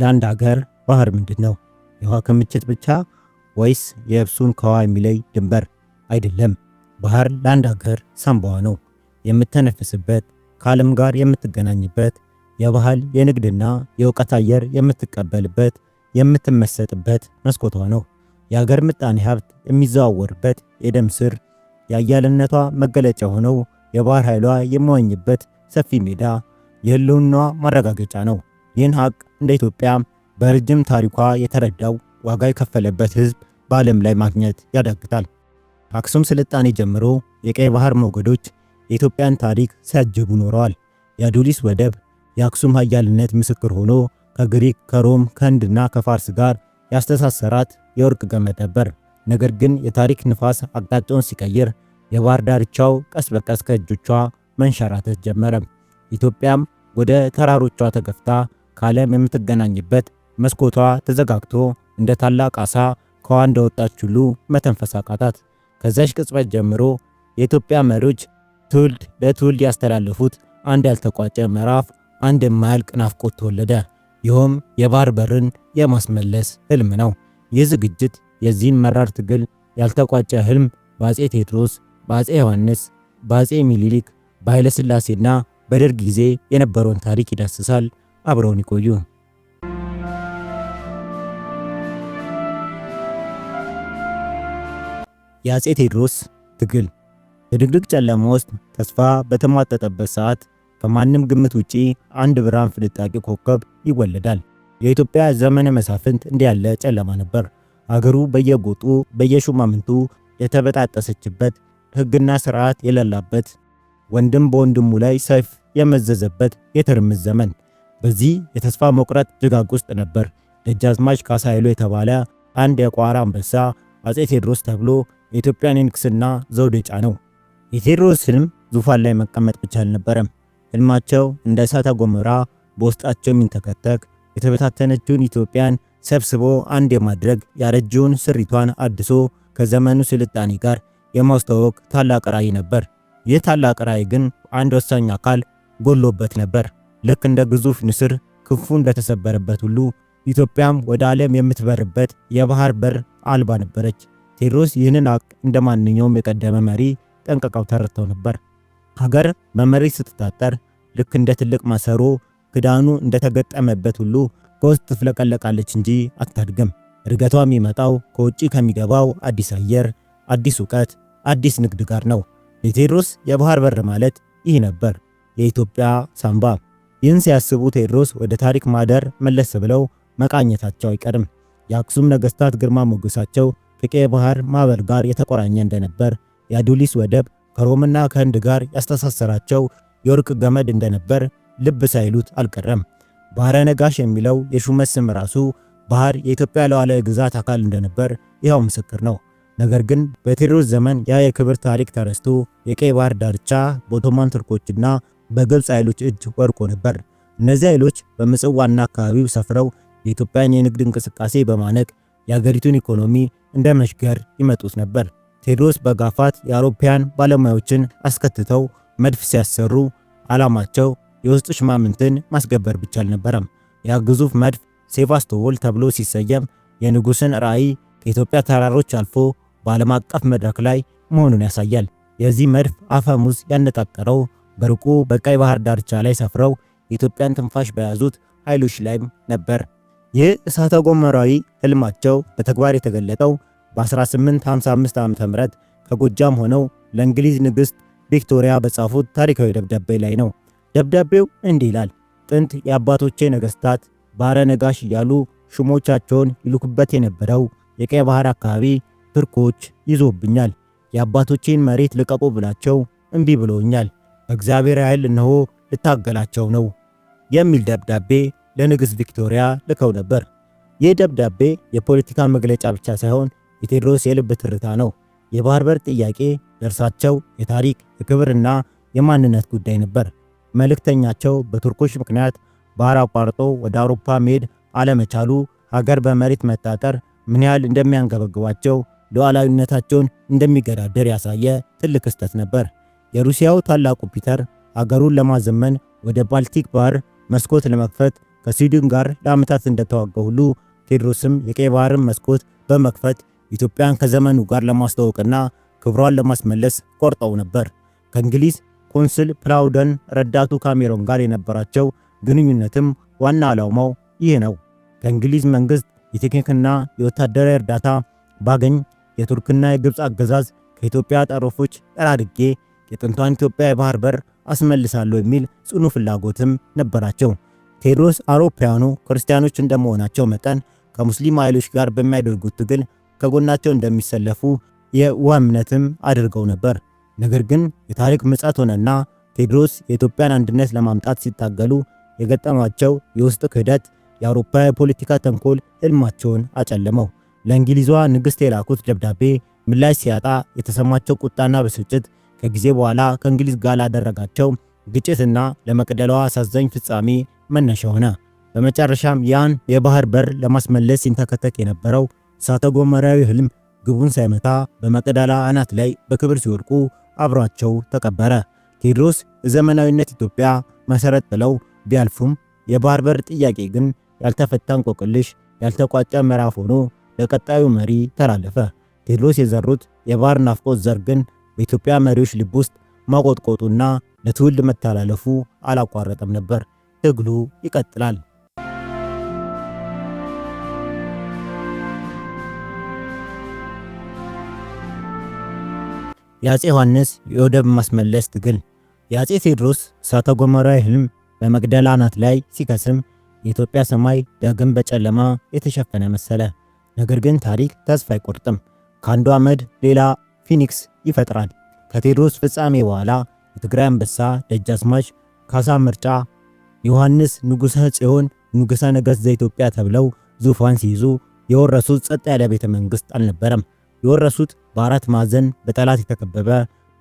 ለአንድ ሀገር ባህር ምንድን ነው? የውሃ ክምችት ብቻ ወይስ የብሱን ከውሃ የሚለይ ድንበር? አይደለም። ባህር ለአንድ ሀገር ሳንባዋ ነው፣ የምትተነፍስበት፣ ከዓለም ጋር የምትገናኝበት፣ የባህል የንግድና የእውቀት አየር የምትቀበልበት፣ የምትመሰጥበት መስኮቷ ነው። የሀገር ምጣኔ ሀብት የሚዘዋወርበት የደም ስር፣ የአያልነቷ መገለጫ ሆነው የባህር ኃይሏ የሚዋኝበት ሰፊ ሜዳ፣ የህልውናዋ ማረጋገጫ ነው። ይህን ሀቅ እንደ ኢትዮጵያ በረጅም ታሪኳ የተረዳው ዋጋ የከፈለበት ህዝብ በዓለም ላይ ማግኘት ያዳግታል። ከአክሱም ስልጣኔ ጀምሮ የቀይ ባህር ሞገዶች የኢትዮጵያን ታሪክ ሲያጅቡ ኖረዋል። የአዱሊስ ወደብ የአክሱም ኃያልነት ምስክር ሆኖ ከግሪክ፣ ከሮም፣ ከህንድና ከፋርስ ጋር ያስተሳሰራት የወርቅ ገመድ ነበር። ነገር ግን የታሪክ ንፋስ አቅጣጫውን ሲቀይር የባህር ዳርቻው ቀስ በቀስ ከእጆቿ መንሸራተት ጀመረ። ኢትዮጵያም ወደ ተራሮቿ ተገፍታ ከዓለም የምትገናኝበት መስኮቷ ተዘጋግቶ እንደ ታላቅ ዓሣ ከዋ እንደወጣች ሁሉ መተንፈስ አቃታት። ቅጽበት ጀምሮ የኢትዮጵያ መሪዎች ትውልድ ለትውልድ ያስተላለፉት አንድ ያልተቋጨ ምዕራፍ፣ አንድ የማያልቅ ናፍቆት ተወለደ። ይኸውም የባህር በርን የማስመለስ ህልም ነው። ይህ ዝግጅት የዚህን መራር ትግል ያልተቋጨ ህልም በአጼ ቴዎድሮስ፣ በአጼ ዮሐንስ፣ በአጼ ሚኒሊክ፣ በኃይለሥላሴና በደርግ ጊዜ የነበረውን ታሪክ ይዳስሳል። አብረውን ይቆዩ። የአጼ ቴዎድሮስ ትግል በድቅድቅ ጨለማ ውስጥ ተስፋ በተሟጠጠበት ሰዓት ከማንም ግምት ውጪ አንድ ብርሃን ፍንጣቂ ኮከብ ይወለዳል። የኢትዮጵያ ዘመነ መሳፍንት እንዲያለ ጨለማ ነበር። አገሩ በየጎጡ በየሹማምንቱ የተበጣጠሰችበት፣ ሕግና ስርዓት የሌላበት፣ ወንድም በወንድሙ ላይ ሰይፍ የመዘዘበት የትርምስ ዘመን በዚህ የተስፋ መቁረጥ ጭጋግ ውስጥ ነበር ደጃዝማች ካሳ ኃይሉ የተባለ አንድ የቋራ አንበሳ አፄ ቴዎድሮስ ተብሎ የኢትዮጵያን የንግስና ዘውድ የጫነው። የቴዎድሮስ ህልም ዙፋን ላይ መቀመጥ ብቻ አልነበረም። ህልማቸው እንደ እሳተ ጎመራ በውስጣቸው የሚንተከተክ የተበታተነችውን ኢትዮጵያን ሰብስቦ አንድ የማድረግ ያረጀውን ስሪቷን አድሶ ከዘመኑ ስልጣኔ ጋር የማስተዋወቅ ታላቅ ራዕይ ነበር። ይህ ታላቅ ራዕይ ግን አንድ ወሳኝ አካል ጎሎበት ነበር። ልክ እንደ ግዙፍ ንስር ክንፉ እንደተሰበረበት ሁሉ ኢትዮጵያም ወደ ዓለም የምትበርበት የባህር በር አልባ ነበረች። ቴዎድሮስ ይህንን አቅ እንደ ማንኛውም የቀደመ መሪ ጠንቅቀው ተረድተው ነበር። ሀገር በመሪ ስትታጠር ልክ እንደ ትልቅ ማሰሮ ክዳኑ እንደተገጠመበት ሁሉ ከውስጥ ትፍለቀለቃለች እንጂ አታድግም። እድገቷ የሚመጣው ከውጭ ከሚገባው አዲስ አየር፣ አዲስ እውቀት፣ አዲስ ንግድ ጋር ነው። የቴዎድሮስ የባህር በር ማለት ይህ ነበር፣ የኢትዮጵያ ሳንባ። ይህን ሲያስቡ ቴዎድሮስ ወደ ታሪክ ማደር መለስ ብለው መቃኘታቸው አይቀርም። የአክሱም ነገስታት ግርማ ሞገሳቸው ከቀይ ባህር ማዕበል ጋር የተቆራኘ እንደነበር፣ የአዱሊስ ወደብ ከሮምና ከህንድ ጋር ያስተሳሰራቸው የወርቅ ገመድ እንደነበር ልብ ሳይሉት አልቀረም። ባህረ ነጋሽ የሚለው የሹመት ስም ራሱ ባህር የኢትዮጵያ ሉዓላዊ ግዛት አካል እንደነበር ይኸው ምስክር ነው። ነገር ግን በቴዎድሮስ ዘመን ያ የክብር ታሪክ ተረስቶ የቀይ ባህር ዳርቻ በኦቶማን ቱርኮችና በግብፅ ኃይሎች እጅ ወድቆ ነበር። እነዚህ ኃይሎች በምጽዋና አካባቢው ሰፍረው የኢትዮጵያን የንግድ እንቅስቃሴ በማነቅ የአገሪቱን ኢኮኖሚ እንደ መሽገር ይመጡት ነበር። ቴዎድሮስ በጋፋት የአውሮፓውያን ባለሙያዎችን አስከትተው መድፍ ሲያሰሩ ዓላማቸው የውስጥ ሽማምንትን ማስገበር ብቻ አልነበረም። ያ ግዙፍ መድፍ ሴቫስቶፖል ተብሎ ሲሰየም የንጉሥን ራዕይ ከኢትዮጵያ ተራሮች አልፎ በዓለም አቀፍ መድረክ ላይ መሆኑን ያሳያል። የዚህ መድፍ አፈሙዝ ያነጣጠረው በሩቁ በቀይ ባህር ዳርቻ ላይ ሰፍረው የኢትዮጵያን ትንፋሽ በያዙት ኃይሎች ላይም ነበር። ይህ እሳተ ጎመራዊ ህልማቸው በተግባር የተገለጠው በ1855 ዓ.ም ከጎጃም ሆነው ለእንግሊዝ ንግሥት ቪክቶሪያ በጻፉት ታሪካዊ ደብዳቤ ላይ ነው። ደብዳቤው እንዲህ ይላል። ጥንት የአባቶቼ ነገሥታት ባረ ነጋሽ እያሉ ሹሞቻቸውን ይልኩበት የነበረው የቀይ ባህር አካባቢ ትርኮች ይዞብኛል። የአባቶቼን መሬት ልቀቁ ብላቸው እምቢ ብሎኛል። በእግዚአብሔር ኃይል እነሆ ልታገላቸው ነው የሚል ደብዳቤ ለንግሥት ቪክቶሪያ ልከው ነበር። ይህ ደብዳቤ የፖለቲካ መግለጫ ብቻ ሳይሆን የቴዎድሮስ የልብ ትርታ ነው። የባህር በር ጥያቄ ለእርሳቸው የታሪክ የክብርና የማንነት ጉዳይ ነበር። መልእክተኛቸው በቱርኮች ምክንያት ባህር አቋርጦ ወደ አውሮፓ መሄድ አለመቻሉ ሀገር በመሬት መታጠር ምን ያህል እንደሚያንገበግባቸው ሉዓላዊነታቸውን እንደሚገዳደር ያሳየ ትልቅ ክስተት ነበር። የሩሲያው ታላቁ ፒተር አገሩን ለማዘመን ወደ ባልቲክ ባህር መስኮት ለመክፈት ከስዊድን ጋር ለዓመታት እንደተዋጋ ሁሉ ቴዎድሮስም የቀይ ባህርን መስኮት በመክፈት ኢትዮጵያን ከዘመኑ ጋር ለማስተዋወቅና ክብሯን ለማስመለስ ቆርጠው ነበር። ከእንግሊዝ ኮንስል ፕላውደን ረዳቱ ካሜሮን ጋር የነበራቸው ግንኙነትም ዋና ዓላማው ይህ ነው። ከእንግሊዝ መንግሥት የቴክኒክና የወታደራዊ እርዳታ ባገኝ የቱርክና የግብፅ አገዛዝ ከኢትዮጵያ ጠረፎች ጠራርጌ የጥንቷን ኢትዮጵያ የባህር በር አስመልሳለሁ የሚል ጽኑ ፍላጎትም ነበራቸው። ቴዎድሮስ አውሮፓውያኑ ክርስቲያኖች እንደመሆናቸው መጠን ከሙስሊም ኃይሎች ጋር በሚያደርጉት ትግል ከጎናቸው እንደሚሰለፉ የውሃ እምነትም አድርገው ነበር። ነገር ግን የታሪክ ምጸት ሆነና ቴዎድሮስ የኢትዮጵያን አንድነት ለማምጣት ሲታገሉ የገጠማቸው የውስጥ ክህደት፣ የአውሮፓ የፖለቲካ ተንኮል ሕልማቸውን አጨለመው። ለእንግሊዟ ንግሥት የላኩት ደብዳቤ ምላሽ ሲያጣ የተሰማቸው ቁጣና ብስጭት ከጊዜ በኋላ ከእንግሊዝ ጋር ላደረጋቸው ግጭትና ለመቅደላዋ አሳዛኝ ፍጻሜ መነሻ ሆነ። በመጨረሻም ያን የባህር በር ለማስመለስ ሲንተከተክ የነበረው እሳተ ጎመራዊ ህልም ግቡን ሳይመታ በመቅደላ አናት ላይ በክብር ሲወድቁ አብሯቸው ተቀበረ። ቴዎድሮስ ዘመናዊነት ኢትዮጵያ መሰረት ጥለው ቢያልፉም የባህር በር ጥያቄ ግን ያልተፈታ እንቆቅልሽ፣ ያልተቋጨ ምዕራፍ ሆኖ ለቀጣዩ መሪ ተላለፈ። ቴዎድሮስ የዘሩት የባህር ናፍቆት ዘር ግን በኢትዮጵያ መሪዎች ልብ ውስጥ ማቆጥቆጡና ለትውልድ መተላለፉ አላቋረጠም ነበር። ትግሉ ይቀጥላል። የአጼ ዮሐንስ የወደብ ማስመለስ ትግል የአጼ ቴዎድሮስ እሳተ ገሞራዊ ህልም በመቅደላ አናት ላይ ሲከስም የኢትዮጵያ ሰማይ ዳግም በጨለማ የተሸፈነ መሰለ። ነገር ግን ታሪክ ተስፋ አይቆርጥም። ከአንዱ አመድ ሌላ ፊኒክስ ይፈጥራል። ከቴዎድሮስ ፍጻሜ በኋላ የትግራይ አንበሳ ደጃዝማች ካሳ ምርጫ ዮሐንስ ንጉሠ ጽዮን ንጉሠ ነገሥት ዘኢትዮጵያ ተብለው ዙፋን ሲይዙ የወረሱት ጸጥ ያለ ቤተ መንግሥት አልነበረም። የወረሱት በአራት ማዕዘን በጠላት የተከበበ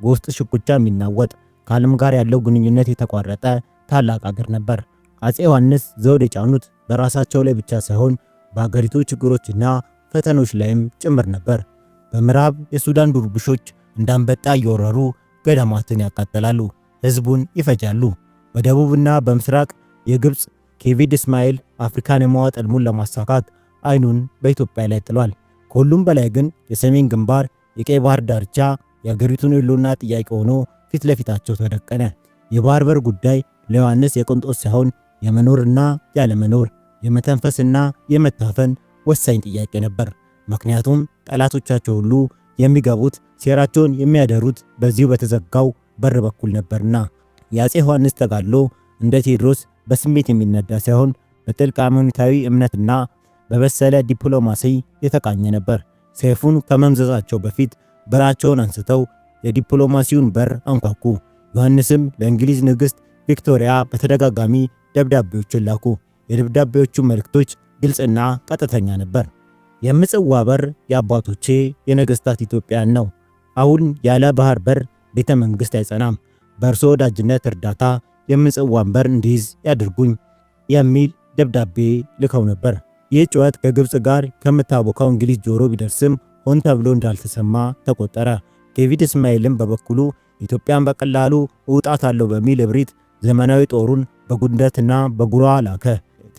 በውስጥ ሽኩቻ የሚናወጥ ከዓለም ጋር ያለው ግንኙነት የተቋረጠ ታላቅ አገር ነበር። አጼ ዮሐንስ ዘውድ የጫኑት በራሳቸው ላይ ብቻ ሳይሆን በአገሪቱ ችግሮችና ፈተኖች ላይም ጭምር ነበር። በምዕራብ የሱዳን ዱርብሾች እንዳንበጣ እየወረሩ ገዳማትን ያቃጠላሉ፣ ህዝቡን ይፈጃሉ። በደቡብና በምስራቅ የግብፅ ኬቪድ እስማኤል አፍሪካን የመዋጥ ዕልሙን ለማሳካት አይኑን በኢትዮጵያ ላይ ጥሏል። ከሁሉም በላይ ግን የሰሜን ግንባር የቀይ ባህር ዳርቻ የአገሪቱን ህልውና ጥያቄ ሆኖ ፊት ለፊታቸው ተደቀነ። የባህር በር ጉዳይ ለዮሐንስ የቅንጦት ሳይሆን የመኖርና ያለመኖር፣ የመተንፈስና የመታፈን ወሳኝ ጥያቄ ነበር። ምክንያቱም ጠላቶቻቸው ሁሉ የሚገቡት ሴራቸውን የሚያደሩት በዚሁ በተዘጋው በር በኩል ነበርና። የአፄ ዮሐንስ ተጋድሎ እንደ ቴዎድሮስ በስሜት የሚነዳ ሳይሆን በጥልቅ አመኑታዊ እምነትና በበሰለ ዲፕሎማሲ የተቃኘ ነበር። ሰይፉን ከመምዘዛቸው በፊት ብራቸውን አንስተው የዲፕሎማሲውን በር አንኳኩ። ዮሐንስም ለእንግሊዝ ንግሥት ቪክቶሪያ በተደጋጋሚ ደብዳቤዎችን ላኩ። የደብዳቤዎቹ መልእክቶች ግልጽና ቀጥተኛ ነበር። የምጽዋ በር የአባቶቼ የነገስታት ኢትዮጵያን ነው። አሁን ያለ ባህር በር ቤተ መንግስት አይጸናም። በእርሶ ወዳጅነት እርዳታ የምጽዋን በር እንዲይዝ ያድርጉኝ የሚል ደብዳቤ ልከው ነበር። ይህ ጩኸት ከግብፅ ጋር ከምታቦካው እንግሊዝ ጆሮ ቢደርስም ሆን ተብሎ እንዳልተሰማ ተቆጠረ። ዴቪድ እስማኤልም በበኩሉ ኢትዮጵያን በቀላሉ አለው በሚል እብሪት ዘመናዊ ጦሩን በጉንደትና በጉራ ላከ።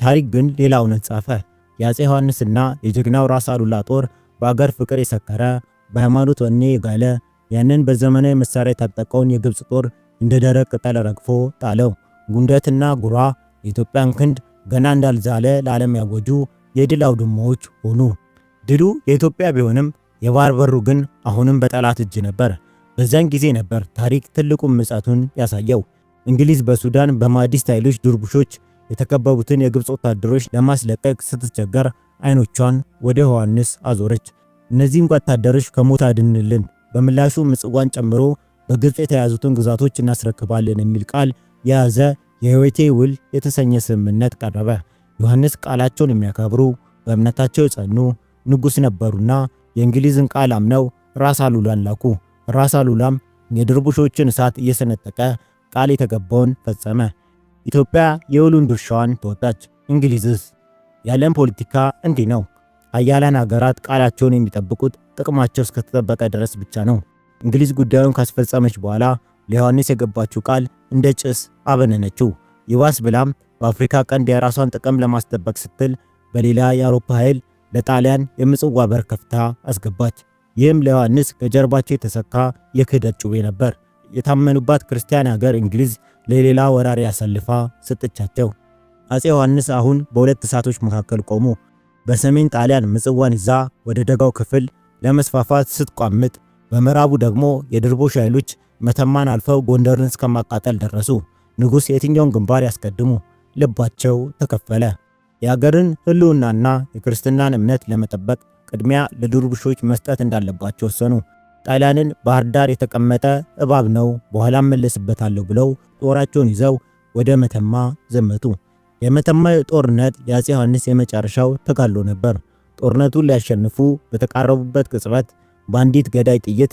ታሪክ ግን ሌላ እውነት ጻፈ። የአጼ ዮሐንስና የጀግናው ራስ አሉላ ጦር በአገር ፍቅር የሰከረ በሃይማኖት ወኔ የጋለ ያንን በዘመናዊ መሳሪያ የታጠቀውን የግብፅ ጦር እንደ ደረቅ ቅጠል ረግፎ ጣለው። ጉንደትና ጉራ የኢትዮጵያን ክንድ ገና እንዳልዛለ ለዓለም ያወጁ የድል አውድማዎች ሆኑ። ድሉ የኢትዮጵያ ቢሆንም የባህር በሩ ግን አሁንም በጠላት እጅ ነበር። በዚያን ጊዜ ነበር ታሪክ ትልቁን ምጸቱን ያሳየው። እንግሊዝ በሱዳን በማዲስ ኃይሎች ድርቡሾች የተከበቡትን የግብፅ ወታደሮች ለማስለቀቅ ስትቸገር አይኖቿን ወደ ዮሐንስ አዞረች። እነዚህም ወታደሮች ከሞት አድንልን፣ በምላሹ ምጽዋን ጨምሮ በግብፅ የተያዙትን ግዛቶች እናስረክባለን የሚል ቃል የያዘ የህይወቴ ውል የተሰኘ ስምምነት ቀረበ። ዮሐንስ ቃላቸውን የሚያከብሩ በእምነታቸው የጸኑ ንጉሥ ነበሩና የእንግሊዝን ቃል አምነው ራስ አሉላን ላኩ። ራስ አሉላም የድርቡሾችን እሳት እየሰነጠቀ ቃል የተገባውን ፈጸመ። ኢትዮጵያ የውሉን ድርሻዋን ተወጣች። እንግሊዝስ? የዓለም ፖለቲካ እንዲህ ነው። አያላን ሀገራት ቃላቸውን የሚጠብቁት ጥቅማቸው እስከተጠበቀ ድረስ ብቻ ነው። እንግሊዝ ጉዳዩን ካስፈጸመች በኋላ ለዮሐንስ የገባችው ቃል እንደ ጭስ አበነነችው። ይባስ ብላም በአፍሪካ ቀንድ የራሷን ጥቅም ለማስጠበቅ ስትል በሌላ የአውሮፓ ኃይል ለጣሊያን የምጽዋ በር ከፍታ አስገባች። ይህም ለዮሐንስ ከጀርባቸው የተሰካ የክህደት ጩቤ ነበር። የታመኑባት ክርስቲያን ሀገር እንግሊዝ ለሌላ ወራሪ አሳልፋ ሰጠቻቸው። አጼ ዮሐንስ አሁን በሁለት እሳቶች መካከል ቆሙ። በሰሜን ጣሊያን ምጽዋን ይዛ ወደ ደጋው ክፍል ለመስፋፋት ስትቋምጥ፣ በምዕራቡ ደግሞ የድርቦሽ ኃይሎች መተማን አልፈው ጎንደርን እስከማቃጠል ደረሱ። ንጉሥ የትኛውን ግንባር ያስቀድሙ? ልባቸው ተከፈለ። የአገርን ሕልውናና የክርስትናን እምነት ለመጠበቅ ቅድሚያ ለድርቡሾች መስጠት እንዳለባቸው ወሰኑ። ጣሊያንን ባህር ዳር የተቀመጠ እባብ ነው፣ በኋላም መለስበታለሁ ብለው ጦራቸውን ይዘው ወደ መተማ ዘመቱ። የመተማ ጦርነት የአጼ ዮሐንስ የመጨረሻው ተጋድሎ ነበር። ጦርነቱን ሊያሸንፉ በተቃረቡበት ቅጽበት በአንዲት ገዳይ ጥይት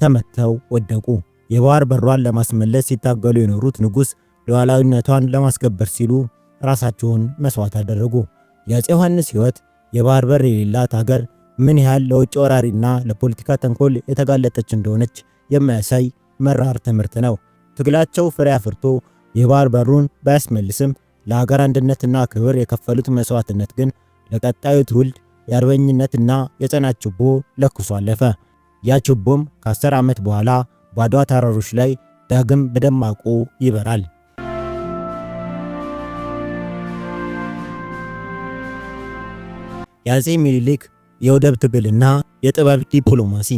ተመተው ወደቁ። የባህር በሯን ለማስመለስ ሲታገሉ የኖሩት ንጉሥ ሉዓላዊነቷን ለማስከበር ሲሉ ራሳቸውን መስዋዕት አደረጉ። የአፄ ዮሐንስ ሕይወት የባህር በር የሌላት ሀገር ምን ያህል ለውጭ ወራሪና ለፖለቲካ ተንኮል የተጋለጠች እንደሆነች የሚያሳይ መራር ትምህርት ነው። ትግላቸው ፍሬ አፍርቶ የባህር በሩን ባያስመልስም ለሀገር አንድነትና ክብር የከፈሉት መስዋዕትነት ግን ለቀጣዩ ትውልድ የአርበኝነትና የጸና ችቦ ለኩሶ አለፈ። ያ ችቦም ከአስር ዓመት በኋላ በአድዋ ተራሮች ላይ ዳግም በደማቁ ይበራል። የአፄ ሚኒሊክ የወደብ ትግልና የጥበብ ዲፕሎማሲ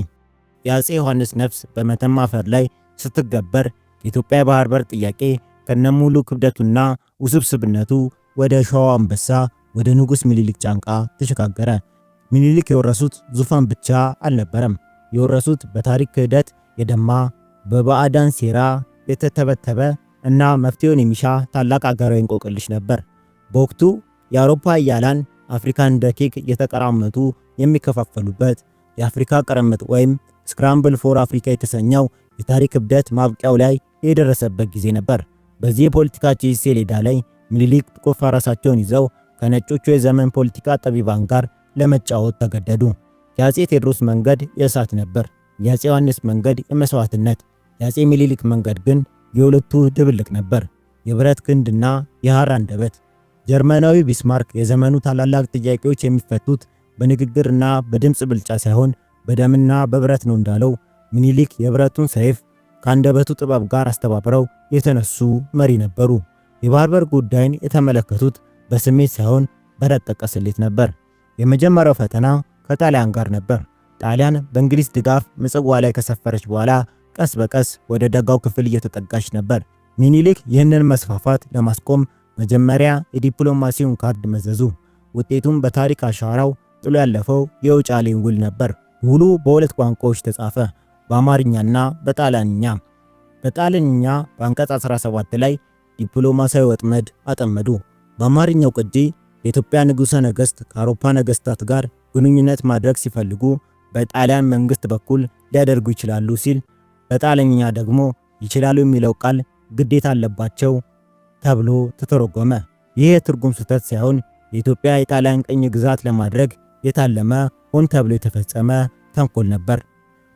የአፄ ዮሐንስ ነፍስ በመተማ አፈር ላይ ስትገበር የኢትዮጵያ ባህር በር ጥያቄ ከነሙሉ ክብደቱና ውስብስብነቱ ወደ ሸዋ አንበሳ ወደ ንጉሥ ሚኒሊክ ጫንቃ ተሸጋገረ። ሚኒሊክ የወረሱት ዙፋን ብቻ አልነበረም። የወረሱት በታሪክ ክህደት የደማ በባዕዳን ሴራ የተተበተበ እና መፍትሄውን የሚሻ ታላቅ አገራዊ እንቆቅልሽ ነበር። በወቅቱ የአውሮፓ አያላን አፍሪካን እንደ ኬክ የተቀራመቱ የሚከፋፈሉበት የአፍሪካ ቅርምት ወይም ስክራምብል ፎር አፍሪካ የተሰኘው የታሪክ እብደት ማብቂያው ላይ የደረሰበት ጊዜ ነበር። በዚህ የፖለቲካ ችስ ሰሌዳ ላይ ምኒልክ ጥቁር ራሳቸውን ይዘው ከነጮቹ የዘመን ፖለቲካ ጠቢባን ጋር ለመጫወት ተገደዱ። የአፄ ቴዎድሮስ መንገድ የእሳት ነበር። የአጼ ዮሐንስ መንገድ የመስዋዕትነት፣ የአፄ ምኒልክ መንገድ ግን የሁለቱ ድብልቅ ነበር፣ የብረት ክንድና የሐር አንደበት። ጀርመናዊ ቢስማርክ የዘመኑ ታላላቅ ጥያቄዎች የሚፈቱት በንግግርና በድምፅ ብልጫ ሳይሆን በደምና በብረት ነው እንዳለው ምኒልክ የብረቱን ሰይፍ ከአንደበቱ ጥበብ ጋር አስተባብረው የተነሱ መሪ ነበሩ። የባርበር ጉዳይን የተመለከቱት በስሜት ሳይሆን በረጠቀ ስሌት ነበር። የመጀመሪያው ፈተና ከጣሊያን ጋር ነበር። ጣሊያን በእንግሊዝ ድጋፍ ምጽዋ ላይ ከሰፈረች በኋላ ቀስ በቀስ ወደ ደጋው ክፍል እየተጠጋች ነበር። ሚኒሊክ ይህንን መስፋፋት ለማስቆም መጀመሪያ የዲፕሎማሲውን ካርድ መዘዙ። ውጤቱም በታሪክ አሻራው ጥሎ ያለፈው የውጫሌን ውል ነበር። ውሉ በሁለት ቋንቋዎች ተጻፈ፣ በአማርኛና በጣሊያንኛ። በጣሊያንኛ በአንቀጽ 17 ላይ ዲፕሎማሲያዊ ወጥመድ አጠመዱ። በአማርኛው ቅጂ የኢትዮጵያ ንጉሠ ነገሥት ከአውሮፓ ነገሥታት ጋር ግንኙነት ማድረግ ሲፈልጉ በጣሊያን መንግሥት በኩል ሊያደርጉ ይችላሉ ሲል፣ በጣሊያንኛ ደግሞ ይችላሉ የሚለው ቃል ግዴታ አለባቸው ተብሎ ተተረጎመ። ይህ የትርጉም ስህተት ሳይሆን የኢትዮጵያ የጣሊያን ቅኝ ግዛት ለማድረግ የታለመ ሆን ተብሎ የተፈጸመ ተንኮል ነበር።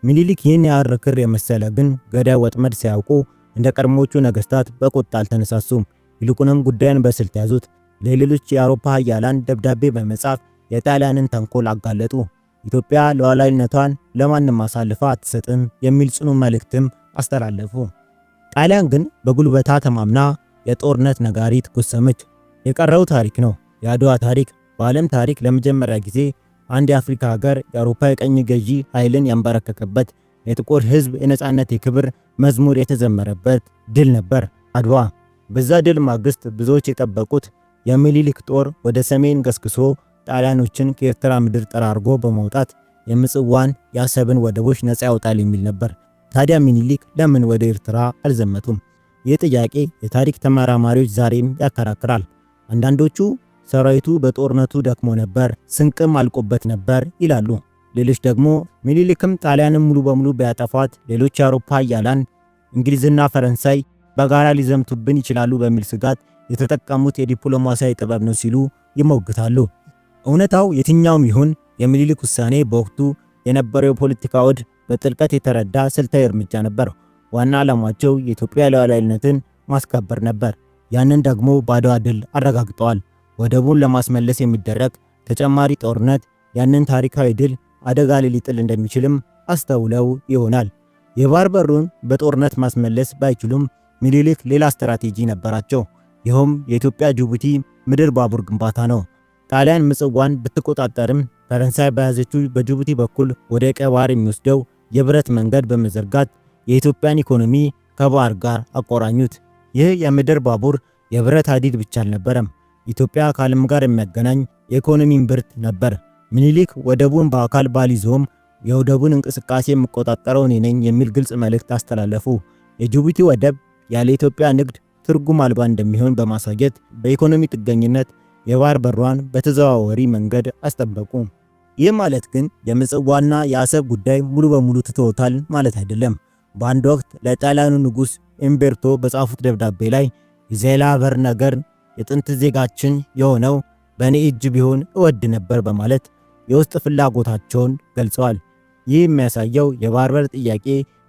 ሚኒሊክ ይህን ያህል ክር የመሰለ ግን ገዳይ ወጥመድ ሲያውቁ እንደ ቀድሞቹ ነገስታት በቁጣ አልተነሳሱም። ይልቁንም ጉዳዩን በስልት ያዙት። ለሌሎች የአውሮፓ ሀያላን ደብዳቤ በመጻፍ የጣሊያንን ተንኮል አጋለጡ። ኢትዮጵያ ሉዓላዊነቷን ለማንም አሳልፋ አትሰጥም የሚል ጽኑ መልእክትም አስተላለፉ። ጣሊያን ግን በጉልበታ ተማምና የጦርነት ነጋሪት ጎሰመች። የቀረው ታሪክ ነው። የአድዋ ታሪክ በዓለም ታሪክ ለመጀመሪያ ጊዜ አንድ የአፍሪካ ሀገር የአውሮፓ የቀኝ ገዢ ኃይልን ያንበረከከበት የጥቁር ሕዝብ የነፃነት የክብር መዝሙር የተዘመረበት ድል ነበር አድዋ። በዛ ድል ማግስት ብዙዎች የጠበቁት የሚኒሊክ ጦር ወደ ሰሜን ገስግሶ ጣሊያኖችን ከኤርትራ ምድር ጠራርጎ በመውጣት የምጽዋን የአሰብን ወደቦች ነፃ ያውጣል የሚል ነበር። ታዲያ ሚኒሊክ ለምን ወደ ኤርትራ አልዘመቱም? ይህ ጥያቄ የታሪክ ተመራማሪዎች ዛሬም ያከራክራል። አንዳንዶቹ ሰራዊቱ በጦርነቱ ደክሞ ነበር፣ ስንቅም አልቆበት ነበር ይላሉ። ሌሎች ደግሞ ምኒልክም ጣሊያንም ሙሉ በሙሉ ቢያጠፏት ሌሎች የአውሮፓ ኃያላን እንግሊዝና ፈረንሳይ በጋራ ሊዘምቱብን ይችላሉ በሚል ስጋት የተጠቀሙት የዲፕሎማሲያዊ ጥበብ ነው ሲሉ ይሞግታሉ። እውነታው የትኛውም ይሁን የምኒልክ ውሳኔ በወቅቱ የነበረው የፖለቲካ ወድ በጥልቀት የተረዳ ስልታዊ እርምጃ ነበር። ዋና ዓላማቸው የኢትዮጵያ ሉዓላዊነትን ማስከበር ነበር። ያንን ደግሞ በአድዋ ድል አረጋግጠዋል። ወደቡን ለማስመለስ የሚደረግ ተጨማሪ ጦርነት ያንን ታሪካዊ ድል አደጋ ላይ ሊጥል እንደሚችልም አስተውለው ይሆናል። የባህር በሩን በጦርነት ማስመለስ ባይችሉም ምኒልክ ሌላ ስትራቴጂ ነበራቸው። ይኸውም የኢትዮጵያ ጅቡቲ ምድር ባቡር ግንባታ ነው። ጣሊያን ምጽዋን ብትቆጣጠርም ፈረንሳይ በያዘችው በጅቡቲ በኩል ወደ ቀይ ባህር የሚወስደው የብረት መንገድ በመዘርጋት የኢትዮጵያን ኢኮኖሚ ከባህር ጋር አቆራኙት። ይህ የምድር ባቡር የብረት ሐዲድ ብቻ አልነበረም፤ ኢትዮጵያ ከዓለም ጋር የሚያገናኝ የኢኮኖሚን ብርት ነበር። ምኒልክ ወደቡን በአካል ባሊዞም የወደቡን እንቅስቃሴ የምቆጣጠረው እኔ ነኝ የሚል ግልጽ መልእክት አስተላለፉ። የጅቡቲ ወደብ ያለ ኢትዮጵያ ንግድ ትርጉም አልባ እንደሚሆን በማሳየት በኢኮኖሚ ጥገኝነት የባህር በሯን በተዘዋወሪ መንገድ አስጠበቁ። ይህ ማለት ግን የምጽዋና የአሰብ ጉዳይ ሙሉ በሙሉ ትተውታል ማለት አይደለም። በአንድ ወቅት ለጣሊያኑ ንጉሥ ኤምቤርቶ በጻፉት ደብዳቤ ላይ የዜላቨር ነገር የጥንት ዜጋችን የሆነው በእኔ እጅ ቢሆን እወድ ነበር በማለት የውስጥ ፍላጎታቸውን ገልጸዋል። ይህ የሚያሳየው የባርበር ጥያቄ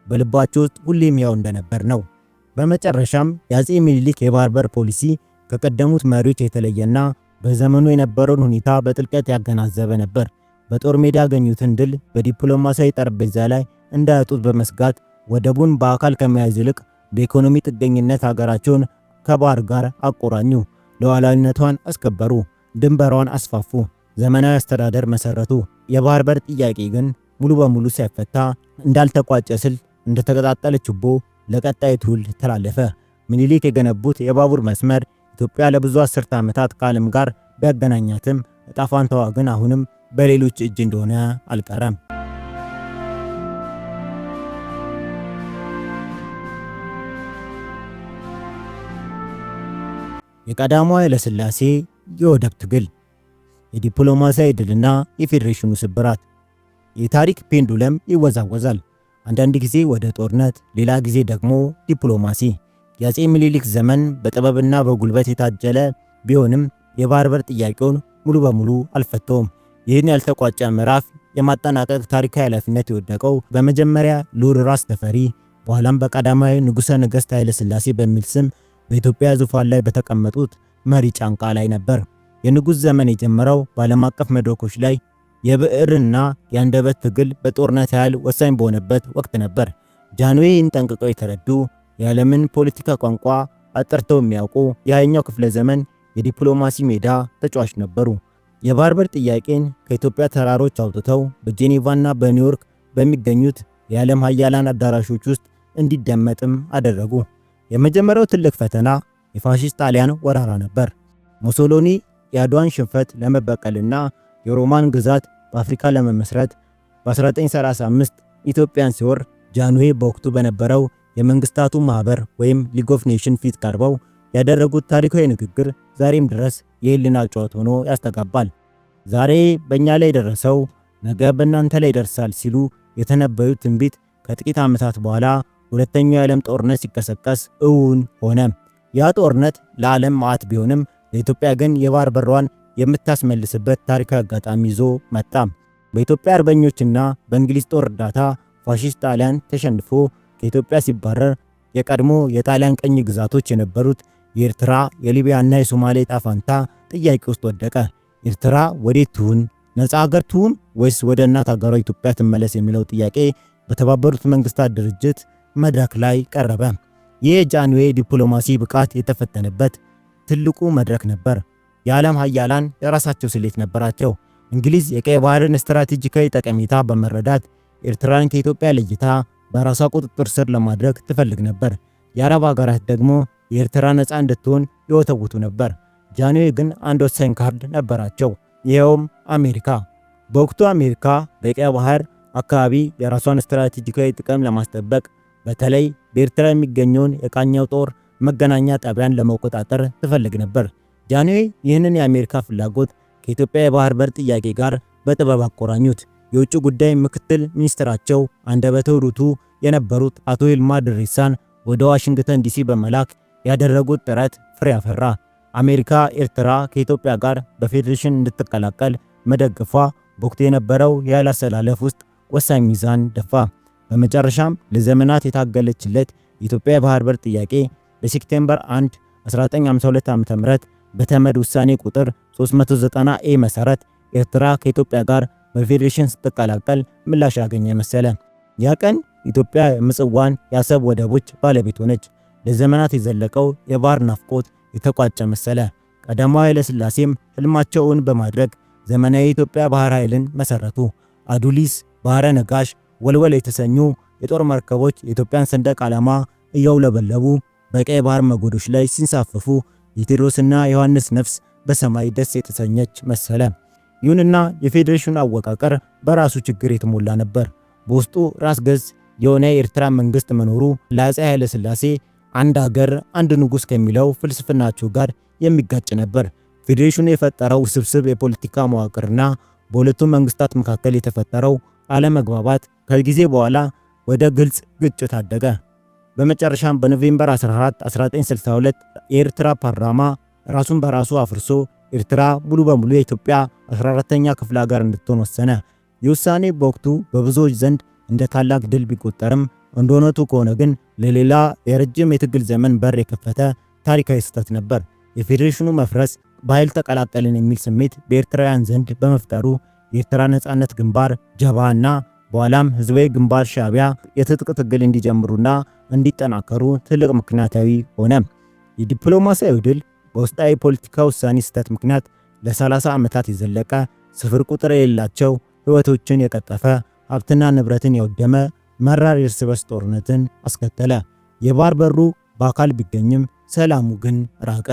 በልባቸው ውስጥ ሁሌም ያው እንደነበር ነው። በመጨረሻም የአፄ ምኒልክ የባርበር ፖሊሲ ከቀደሙት መሪዎች የተለየና በዘመኑ የነበረውን ሁኔታ በጥልቀት ያገናዘበ ነበር። በጦር ሜዳ ያገኙትን ድል በዲፕሎማሲያዊ ጠረጴዛ ላይ እንዳያጡት በመስጋት ወደቡን በአካል ከመያዝ ይልቅ በኢኮኖሚ ጥገኝነት ሀገራቸውን ከባህር ጋር አቆራኙ፣ ሉዓላዊነቷን አስከበሩ፣ ድንበሯን አስፋፉ፣ ዘመናዊ አስተዳደር መሰረቱ። የባህር በር ጥያቄ ግን ሙሉ በሙሉ ሳይፈታ እንዳልተቋጨ ስል እንደተቀጣጠለ ችቦ ለቀጣይ ትውልድ ተላለፈ። ምኒልክ የገነቡት የባቡር መስመር ኢትዮጵያ ለብዙ አስርተ ዓመታት ከዓለም ጋር ቢያገናኛትም እጣ ፋንታዋ ግን አሁንም በሌሎች እጅ እንደሆነ አልቀረም። የቀዳማዊ ኃይለሥላሴ የወደብ ትግል፣ የዲፕሎማሲያዊ ድልና የፌዴሬሽኑ ስብራት። የታሪክ ፔንዱለም ይወዛወዛል። አንዳንድ ጊዜ ወደ ጦርነት፣ ሌላ ጊዜ ደግሞ ዲፕሎማሲ። የአፄ ምኒልክ ዘመን በጥበብና በጉልበት የታጀለ ቢሆንም የባህር በር ጥያቄውን ሙሉ በሙሉ አልፈተውም። ይህን ያልተቋጨ ምዕራፍ የማጠናቀቅ ታሪካዊ ኃላፊነት የወደቀው በመጀመሪያ ልዑል ራስ ተፈሪ፣ በኋላም በቀዳማዊ ንጉሠ ነገሥት ኃይለ ሥላሴ በሚል ስም በኢትዮጵያ ዙፋን ላይ በተቀመጡት መሪ ጫንቃ ላይ ነበር። የንጉሥ ዘመን የጀመረው በዓለም አቀፍ መድረኮች ላይ የብዕርና የአንደበት ትግል በጦርነት ያህል ወሳኝ በሆነበት ወቅት ነበር። ጃንዌይን ጠንቅቀው የተረዱ የዓለምን ፖለቲካ ቋንቋ አጠርተው የሚያውቁ የሃያኛው ክፍለ ዘመን የዲፕሎማሲ ሜዳ ተጫዋች ነበሩ። የባህር በር ጥያቄን ከኢትዮጵያ ተራሮች አውጥተው በጄኔቫና በኒውዮርክ በሚገኙት የዓለም ሀያላን አዳራሾች ውስጥ እንዲደመጥም አደረጉ። የመጀመሪያው ትልቅ ፈተና የፋሺስት ጣሊያን ወረራ ነበር። ሙሶሎኒ የአድዋን ሽንፈት ለመበቀልና የሮማን ግዛት በአፍሪካ ለመመስረት በ1935 ኢትዮጵያን ሲወር ጃንዌ በወቅቱ በነበረው የመንግስታቱ ማህበር ወይም ሊግ ኦፍ ኔሽን ፊት ቀርበው ያደረጉት ታሪካዊ ንግግር ዛሬም ድረስ የህልና ጩኸት ሆኖ ያስተጋባል። ዛሬ በእኛ ላይ ደረሰው ነገ በእናንተ ላይ ይደርሳል ሲሉ የተነበዩት ትንቢት ከጥቂት ዓመታት በኋላ ሁለተኛው የዓለም ጦርነት ሲቀሰቀስ እውን ሆነ። ያ ጦርነት ለዓለም ማዕት ቢሆንም ለኢትዮጵያ ግን የባህር በሯን የምታስመልስበት ታሪካዊ አጋጣሚ ይዞ መጣ። በኢትዮጵያ አርበኞችና በእንግሊዝ ጦር እርዳታ ፋሺስት ጣሊያን ተሸንፎ ከኢትዮጵያ ሲባረር የቀድሞ የጣሊያን ቅኝ ግዛቶች የነበሩት የኤርትራ፣ የሊቢያና የሶማሌ ጣፋንታ ጥያቄ ውስጥ ወደቀ። ኤርትራ ወዴት ትሁን? ነፃ ሀገር ትሁን ወይስ ወደ እናት ሀገሯ ኢትዮጵያ ትመለስ? የሚለው ጥያቄ በተባበሩት መንግስታት ድርጅት መድረክ ላይ ቀረበ። የጃንዌ ዲፕሎማሲ ብቃት የተፈተነበት ትልቁ መድረክ ነበር። የዓለም ሀያላን የራሳቸው ስሌት ነበራቸው። እንግሊዝ የቀይ ባህርን ስትራቴጂካዊ ጠቀሜታ በመረዳት ኤርትራን ከኢትዮጵያ ለይታ በራሷ ቁጥጥር ስር ለማድረግ ትፈልግ ነበር። የአረብ ሀገራት ደግሞ የኤርትራ ነፃ እንድትሆን ይወተውቱ ነበር። ጃንዌ ግን አንድ ወሳኝ ካርድ ነበራቸው፣ ይኸውም አሜሪካ። በወቅቱ አሜሪካ በቀይ ባህር አካባቢ የራሷን ስትራቴጂካዊ ጥቅም ለማስጠበቅ በተለይ በኤርትራ የሚገኘውን የቃኘው ጦር መገናኛ ጣቢያን ለመቆጣጠር ትፈልግ ነበር። ጃንሆይ ይህንን የአሜሪካ ፍላጎት ከኢትዮጵያ የባህር በር ጥያቄ ጋር በጥበብ አቆራኙት። የውጭ ጉዳይ ምክትል ሚኒስትራቸው አንደበተ ርቱዕ የነበሩት አቶ ይልማ ድሪሳን ወደ ዋሽንግተን ዲሲ በመላክ ያደረጉት ጥረት ፍሬ አፈራ። አሜሪካ ኤርትራ ከኢትዮጵያ ጋር በፌዴሬሽን እንድትቀላቀል መደገፏ በወቅቱ የነበረው የኃይል አሰላለፍ ውስጥ ወሳኝ ሚዛን ደፋ። በመጨረሻም ለዘመናት የታገለችለት የኢትዮጵያ የባህር በር ጥያቄ በሴፕቴምበር 1 1952 ዓ.ም በተመድ ውሳኔ ቁጥር 390 ኤ መሰረት ኤርትራ ከኢትዮጵያ ጋር በፌዴሬሽን ስትቀላቀል ምላሽ ያገኘ መሰለ። ያ ቀን ኢትዮጵያ የምጽዋን፣ የአሰብ ወደቦች ባለቤት ሆነች። ለዘመናት የዘለቀው የባህር ናፍቆት የተቋጨ መሰለ። ቀዳማዊ ኃይለሥላሴም ሕልማቸውን በማድረግ ዘመናዊ የኢትዮጵያ ባህር ኃይልን መሰረቱ። አዱሊስ፣ ባህረ ነጋሽ ወልወል የተሰኙ የጦር መርከቦች የኢትዮጵያን ሰንደቅ ዓላማ እያውለበለቡ በቀይ ባህር መጎዶች ላይ ሲንሳፈፉ የቴዎድሮስና ዮሐንስ ነፍስ በሰማይ ደስ የተሰኘች መሰለ። ይሁንና የፌዴሬሽኑ አወቃቀር በራሱ ችግር የተሞላ ነበር። በውስጡ ራስ ገዝ የሆነ የኤርትራ መንግስት መኖሩ ለአጼ ኃይለ ሥላሴ አንድ አገር አንድ ንጉሥ ከሚለው ፍልስፍናቸው ጋር የሚጋጭ ነበር። ፌዴሬሽኑ የፈጠረው ውስብስብ የፖለቲካ መዋቅርና በሁለቱም መንግስታት መካከል የተፈጠረው አለመግባባት ከጊዜ በኋላ ወደ ግልጽ ግጭት አደገ። በመጨረሻም በኖቬምበር 14 1962 የኤርትራ ፓርላማ ራሱን በራሱ አፍርሶ ኤርትራ ሙሉ በሙሉ የኢትዮጵያ 14ኛ ክፍለ ሀገር እንድትሆን ወሰነ። የውሳኔ በወቅቱ በብዙዎች ዘንድ እንደ ታላቅ ድል ቢቆጠርም እንደ እውነቱ ከሆነ ግን ለሌላ የረጅም የትግል ዘመን በር የከፈተ ታሪካዊ ስህተት ነበር። የፌዴሬሽኑ መፍረስ በኃይል ተቀላቀልን የሚል ስሜት በኤርትራውያን ዘንድ በመፍጠሩ የኤርትራ ነፃነት ግንባር ጀብሃና በኋላም ህዝባዊ ግንባር ሻቢያ የትጥቅ ትግል እንዲጀምሩና እንዲጠናከሩ ትልቅ ምክንያታዊ ሆነ። የዲፕሎማሲያዊ ድል በውስጣዊ ፖለቲካ ውሳኔ ስህተት ምክንያት ለ30 ዓመታት የዘለቀ ስፍር ቁጥር የሌላቸው ህይወቶችን የቀጠፈ ሀብትና ንብረትን ያወደመ መራር የእርስ በርስ ጦርነትን አስከተለ። የባህር በሩ በአካል ቢገኝም ሰላሙ ግን ራቀ።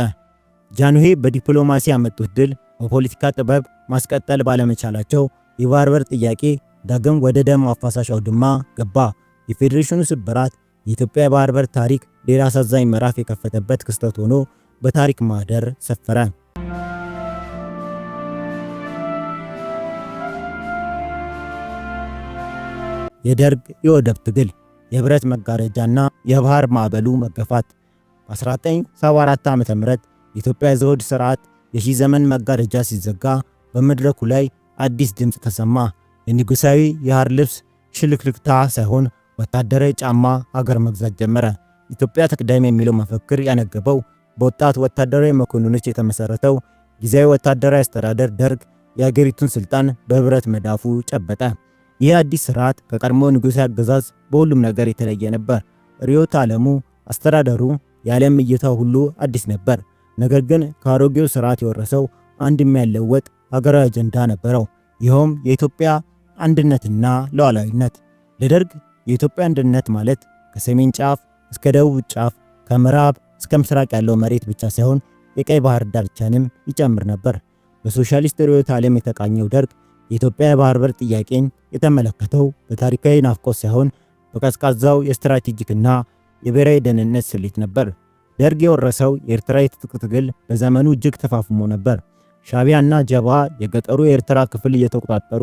ጃንሆይ በዲፕሎማሲ ያመጡት ድል በፖለቲካ ጥበብ ማስቀጠል ባለመቻላቸው የባርበር ጥያቄ ዳግም ወደ ደም አፋሳሽ አውድማ ገባ። የፌዴሬሽኑ ስብራት የኢትዮጵያ የባህር ታሪክ ሌላ አሳዛኝ ምዕራፍ የከፈተበት ክስተት ሆኖ በታሪክ ማህደር ሰፈረ። የደርግ የወደብ ትግል፣ የብረት መጋረጃና የባህር ማዕበሉ መገፋት በ1974 ዓ.ም የኢትዮጵያ ዘውድ ስርዓት የሺህ ዘመን መጋረጃ ሲዘጋ በመድረኩ ላይ አዲስ ድምፅ ተሰማ። የንጉሳዊ የሐር ልብስ ሽልክልክታ ሳይሆን ወታደራዊ ጫማ አገር መግዛት ጀመረ። ኢትዮጵያ ተቀዳሚ የሚለው መፈክር ያነገበው በወጣት ወታደራዊ መኮንኖች የተመሠረተው ጊዜያዊ ወታደራዊ አስተዳደር ደርግ የአገሪቱን ስልጣን በብረት መዳፉ ጨበጠ። ይህ አዲስ ስርዓት ከቀድሞ ንጉሣዊ አገዛዝ በሁሉም ነገር የተለየ ነበር። ርዕዮተ ዓለሙ፣ አስተዳደሩ፣ የዓለም እይታ ሁሉ አዲስ ነበር። ነገር ግን ከአሮጌው ስርዓት የወረሰው አንድ የሚያለወጥ ሀገራዊ አጀንዳ ነበረው። ይኸውም የኢትዮጵያ አንድነትና ሉዓላዊነት። ለደርግ የኢትዮጵያ አንድነት ማለት ከሰሜን ጫፍ እስከ ደቡብ ጫፍ ከምዕራብ እስከ ምስራቅ ያለው መሬት ብቻ ሳይሆን የቀይ ባህር ዳርቻንም ይጨምር ነበር። በሶሻሊስት ርዕዮተ ዓለም የተቃኘው ደርግ የኢትዮጵያ የባህር በር ጥያቄን የተመለከተው በታሪካዊ ናፍቆት ሳይሆን በቀዝቃዛው የስትራቴጂክና የብሔራዊ ደህንነት ስሌት ነበር። ደርግ የወረሰው የኤርትራ የትጥቅ ትግል በዘመኑ እጅግ ተፋፍሞ ነበር። ሻቢያና ጀባ የገጠሩ የኤርትራ ክፍል እየተቆጣጠሩ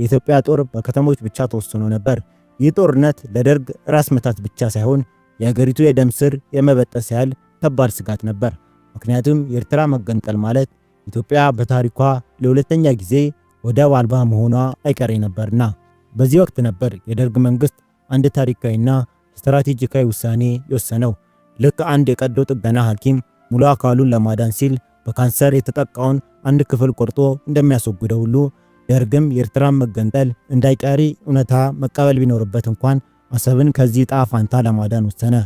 የኢትዮጵያ ጦር በከተሞች ብቻ ተወስኖ ነበር። ይህ ጦርነት ለደርግ ራስ መታት ብቻ ሳይሆን የሀገሪቱ የደም ስር የመበጠስ ያህል ከባድ ስጋት ነበር። ምክንያቱም የኤርትራ መገንጠል ማለት ኢትዮጵያ በታሪኳ ለሁለተኛ ጊዜ ወደብ አልባ መሆኗ አይቀሬ ነበርና። በዚህ ወቅት ነበር የደርግ መንግስት አንድ ታሪካዊና ስትራቴጂካዊ ውሳኔ የወሰነው። ልክ አንድ የቀዶ ጥገና ሐኪም ሙሉ አካሉን ለማዳን ሲል በካንሰር የተጠቃውን አንድ ክፍል ቆርጦ እንደሚያስወግደው ሁሉ ደርግም የኤርትራን መገንጠል እንዳይቀሪ እውነታ መቀበል ቢኖርበት እንኳን አሰብን ከዚህ ዕጣ ፋንታ ለማዳን ወሰነ።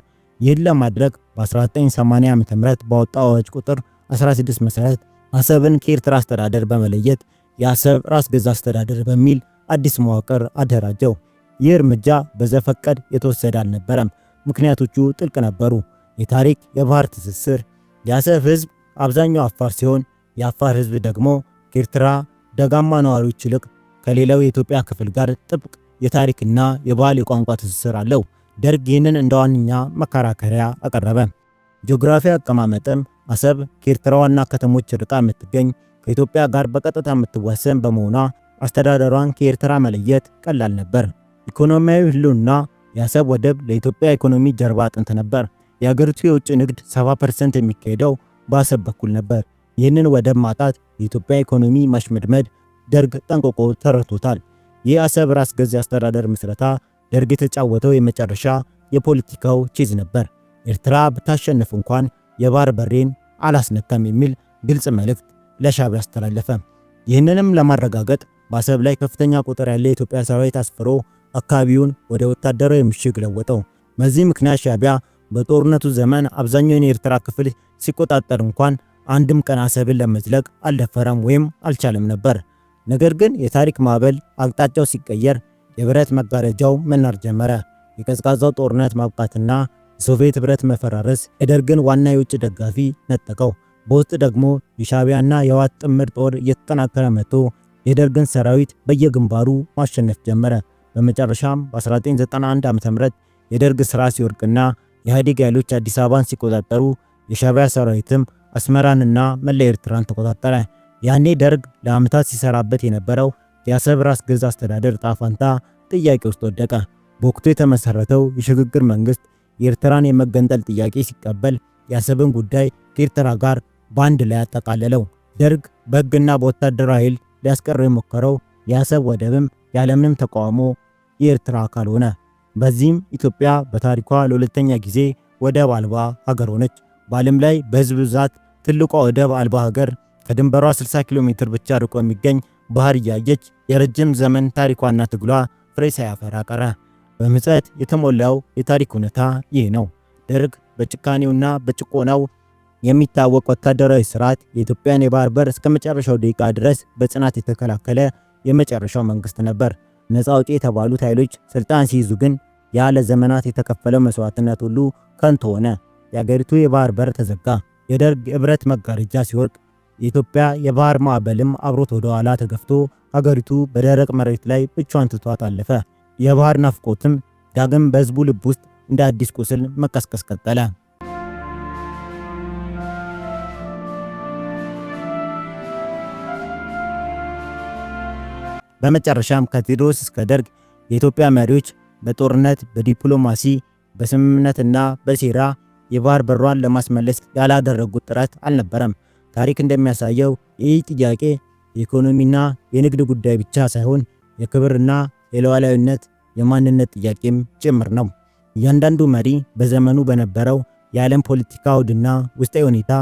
ይህን ለማድረግ በ1980 ዓ.ም ባወጣው አዋጅ ቁጥር 16 መሠረት አሰብን ከኤርትራ አስተዳደር በመለየት የአሰብ ራስ ገዛ አስተዳደር በሚል አዲስ መዋቅር አደራጀው። ይህ እርምጃ በዘፈቀድ የተወሰደ አልነበረም። ምክንያቶቹ ጥልቅ ነበሩ። የታሪክ የባህር ትስስር የአሰብ ህዝብ አብዛኛው አፋር ሲሆን የአፋር ህዝብ ደግሞ ከኤርትራ ደጋማ ነዋሪዎች ይልቅ ከሌላው የኢትዮጵያ ክፍል ጋር ጥብቅ የታሪክና የባህል የቋንቋ ትስስር አለው። ደርግ ይህንን እንደ ዋነኛ መከራከሪያ አቀረበ። ጂኦግራፊ አቀማመጥም አሰብ ከኤርትራ ዋና ከተሞች ርቃ የምትገኝ ከኢትዮጵያ ጋር በቀጥታ የምትዋሰን በመሆኗ አስተዳደሯን ከኤርትራ መለየት ቀላል ነበር። ኢኮኖሚያዊ ህልውና የአሰብ ወደብ ለኢትዮጵያ ኢኮኖሚ ጀርባ አጥንት ነበር። የአገሪቱ የውጭ ንግድ 70 ፐርሰንት የሚካሄደው በአሰብ በኩል ነበር። ይህንን ወደብ ማጣት የኢትዮጵያ ኢኮኖሚ ማሽመድመድ ደርግ ጠንቅቆ ተረቶታል። ይህ አሰብ ራስ ገዝ አስተዳደር ምስረታ ደርግ የተጫወተው የመጨረሻ የፖለቲካው ቺዝ ነበር። ኤርትራ ብታሸንፍ እንኳን የባህር በሬን አላስነካም የሚል ግልጽ መልእክት ለሻዕቢያ አስተላለፈ። ይህንንም ለማረጋገጥ በአሰብ ላይ ከፍተኛ ቁጥር ያለ የኢትዮጵያ ሰራዊት አስፍሮ አካባቢውን ወደ ወታደራዊ ምሽግ ለወጠው። በዚህ ምክንያት ሻዕቢያ በጦርነቱ ዘመን አብዛኛውን የኤርትራ ክፍል ሲቆጣጠር እንኳን አንድም ቀን አሰብን ለመዝለቅ አልደፈረም ወይም አልቻለም ነበር። ነገር ግን የታሪክ ማዕበል አቅጣጫው ሲቀየር የብረት መጋረጃው መናር ጀመረ። የቀዝቃዛው ጦርነት ማብቃትና የሶቪየት ህብረት መፈራረስ የደርግን ዋና የውጭ ደጋፊ ነጠቀው። በውስጥ ደግሞ የሻቢያና የዋት ጥምር ጦር እየተጠናከረ መጥቶ የደርግን ሰራዊት በየግንባሩ ማሸነፍ ጀመረ። በመጨረሻም በ1991 ዓ.ም የደርግ ሥራ ሲወድቅና የኢህአዴግ ኃይሎች አዲስ አበባን ሲቆጣጠሩ የሻቢያ ሰራዊትም አስመራንና መላ ኤርትራን ተቆጣጠረ። ያኔ ደርግ ለዓመታት ሲሰራበት የነበረው የአሰብ ራስ ገዝ አስተዳደር ጣፋንታ ጥያቄ ውስጥ ወደቀ። በወቅቱ የተመሰረተው የሽግግር መንግስት የኤርትራን የመገንጠል ጥያቄ ሲቀበል የአሰብን ጉዳይ ከኤርትራ ጋር በአንድ ላይ አጠቃለለው። ደርግ በሕግና በወታደራዊ ኃይል ሊያስቀረው የሞከረው የአሰብ ወደብም ያለምንም ተቃውሞ የኤርትራ አካል ሆነ። በዚህም ኢትዮጵያ በታሪኳ ለሁለተኛ ጊዜ ወደብ አልባ ሀገር ሆነች። በዓለም ላይ በህዝብ ብዛት ትልቋ ወደብ አልባ ሀገር ከድንበሯ 60 ኪሎ ሜትር ብቻ ርቆ የሚገኝ ባህር እያየች የረጅም ዘመን ታሪኳና ትግሏ ፍሬ ሳያፈራ ቀረ። በምጸት የተሞላው የታሪክ እውነታ ይህ ነው። ደርግ በጭካኔውና በጭቆናው የሚታወቅ ወታደራዊ ስርዓት የኢትዮጵያን የባህር በር እስከ መጨረሻው ደቂቃ ድረስ በጽናት የተከላከለ የመጨረሻው መንግስት ነበር። ነፃ አውጪ የተባሉት ኃይሎች ስልጣን ሲይዙ ግን ያለ ዘመናት የተከፈለው መስዋዕትነት ሁሉ ከንቱ ሆነ። የአገሪቱ የባህር በር ተዘጋ፣ የደርግ የብረት መጋረጃ ሲወርቅ የኢትዮጵያ የባህር ማዕበልም አብሮት ወደ ኋላ ተገፍቶ ሀገሪቱ በደረቅ መሬት ላይ ብቻዋን ትቷት አለፈ። የባህር ናፍቆትም ዳግም በህዝቡ ልብ ውስጥ እንደ አዲስ ቁስል መቀስቀስ ቀጠለ። በመጨረሻም ከቴዎድሮስ እስከ ደርግ የኢትዮጵያ መሪዎች በጦርነት፣ በዲፕሎማሲ፣ በስምምነትና በሴራ የባህር በሯን ለማስመለስ ያላደረጉት ጥረት አልነበረም። ታሪክ እንደሚያሳየው ይህ ጥያቄ የኢኮኖሚና የንግድ ጉዳይ ብቻ ሳይሆን የክብርና የሉዓላዊነት የማንነት ጥያቄም ጭምር ነው። እያንዳንዱ መሪ በዘመኑ በነበረው የዓለም ፖለቲካ አውድና ውስጣዊ ሁኔታ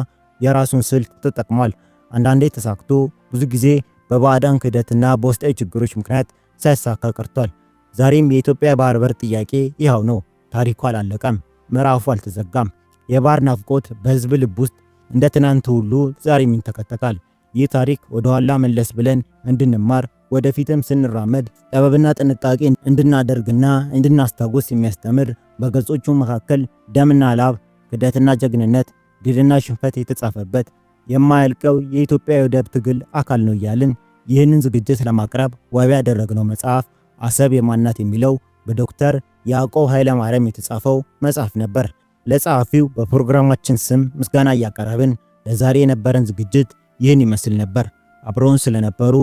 የራሱን ስልት ተጠቅሟል። አንዳንዴ ተሳክቶ ብዙ ጊዜ በባዕዳን ክህደትና በውስጣዊ ችግሮች ምክንያት ሳይሳካ ቀርቷል። ዛሬም የኢትዮጵያ ባህር በር ጥያቄ ይኸው ነው። ታሪኩ አላለቀም፣ ምዕራፉ አልተዘጋም። የባህር ናፍቆት በህዝብ ልብ ውስጥ እንደ ትናንት ሁሉ ዛሬም ይንተከተካል። ይህ ታሪክ ወደ ኋላ መለስ ብለን እንድንማር ወደፊትም ስንራመድ ጥበብና ጥንቃቄ እንድናደርግና እንድናስታውስ የሚያስተምር በገጾቹ መካከል ደምና ላብ፣ ክደትና ጀግንነት፣ ድልና ሽንፈት የተጻፈበት የማያልቀው የኢትዮጵያ የወደብ ትግል አካል ነው እያልን ይህንን ዝግጅት ለማቅረብ ዋቢ ያደረግነው መጽሐፍ አሰብ የማናት የሚለው በዶክተር ያዕቆብ ኃይለማርያም የተጻፈው መጽሐፍ ነበር። ለጸሐፊው በፕሮግራማችን ስም ምስጋና እያቀረብን ለዛሬ የነበረን ዝግጅት ይህን ይመስል ነበር። አብረውን ስለነበሩ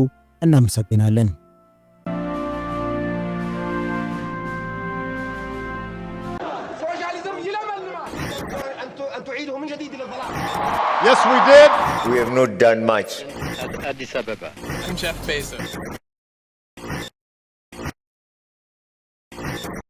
እናመሰግናለን። Yes, we did. We have not done much. Addis Ababa. I'm Jeff Bezos.